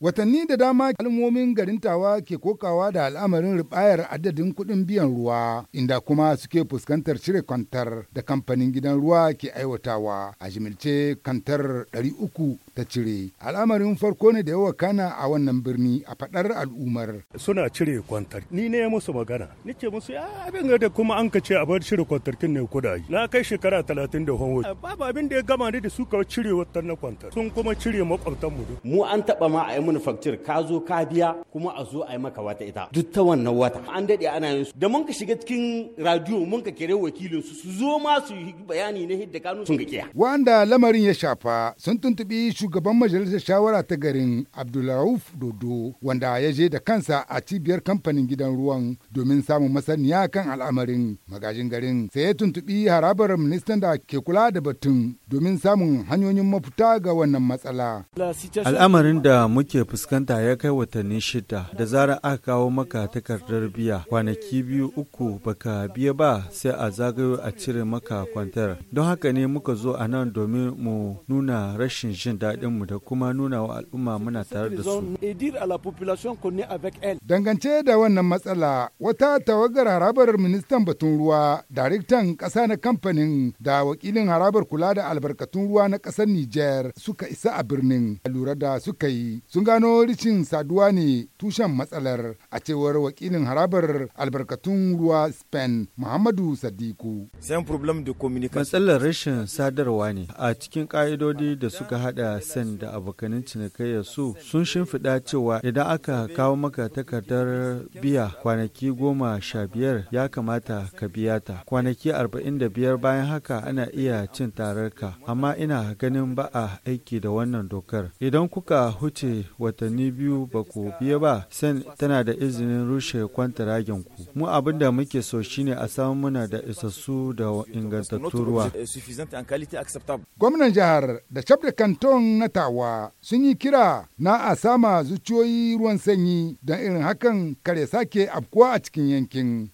Watanni da dama al'ummomin garin Tawa ke kokawa da al'amarin ribayar adadin kuɗin biyan ruwa, inda kuma suke fuskantar cire kwantar da kamfanin gidan ruwa ke aiwatawa a jimilce kantar 300 ta cire. Al'amarin farko ne da yawa kana a wannan birni a faɗar al'umar. Suna cire kwantar. Ni ne ya musu magana. Ni ce musu ya abin da kuma an ka ce a bar cire kin ne kudaye. Na kai shekara talatin da honwo. Babu abin da ya gama ne da suka cire wata na kwantar. Sun kuma cire makwabtanmu. Mu an taɓa ma a manufacture ka zo ka biya kuma a zo a yi maka wata ita duk ta wannan wata an daɗe ana yin da mun ka shiga cikin radio mun ka kere wakilin su su zo ma su yi bayani na hidda kanu sun ga kiya wanda lamarin ya shafa sun tuntubi shugaban majalisar shawara ta garin Abdulrauf Dodo wanda ya je da kansa a cibiyar kamfanin gidan ruwan domin samun masaniya kan al'amarin magajin garin sai ya tuntubi harabar ministan da ke kula da batun domin samun hanyoyin mafita ga wannan matsala al'amarin da muke kake fuskanta ya kai watanni shida da zarar aka kawo maka takardar biya kwanaki biyu uku baka biya ba sai a zagayo a cire maka kwantar don haka ne muka zo a nan domin mu nuna rashin jin mu da kuma nuna wa al'umma muna tare da su. Dangance da wannan matsala wata tawagar harabar ministan batun ruwa daraktan ƙasa na kamfanin da wakilin harabar kula da albarkatun ruwa na ƙasar Nijar suka isa a birnin lura da suka yi sun gano ricin saduwa ne tushen matsalar a cewar wakilin harabar albarkatun ruwa spain muhammadu sadiku matsalar rashin sadarwa ne a cikin ka'idodi da suka hada sen da abokanin cinikayya su sun shimfiɗa cewa idan aka kawo maka takardar biya kwanaki goma sha biyar ya kamata ka biya ta kwanaki arba'in da biyar bayan haka ana iya cin tararka amma ina ganin ba a aiki da wannan dokar idan kuka huce watanni biyu ba ku biya ba sen tana da izinin rushe kwantaragen ku mu abin da muke so shine a samu muna da isassu da ingantattun ruwa gwamnan jihar da cabda canton na tawa sun yi kira na a sama zuciyoyi ruwan sanyi don irin hakan kare sake afkuwa a cikin yankin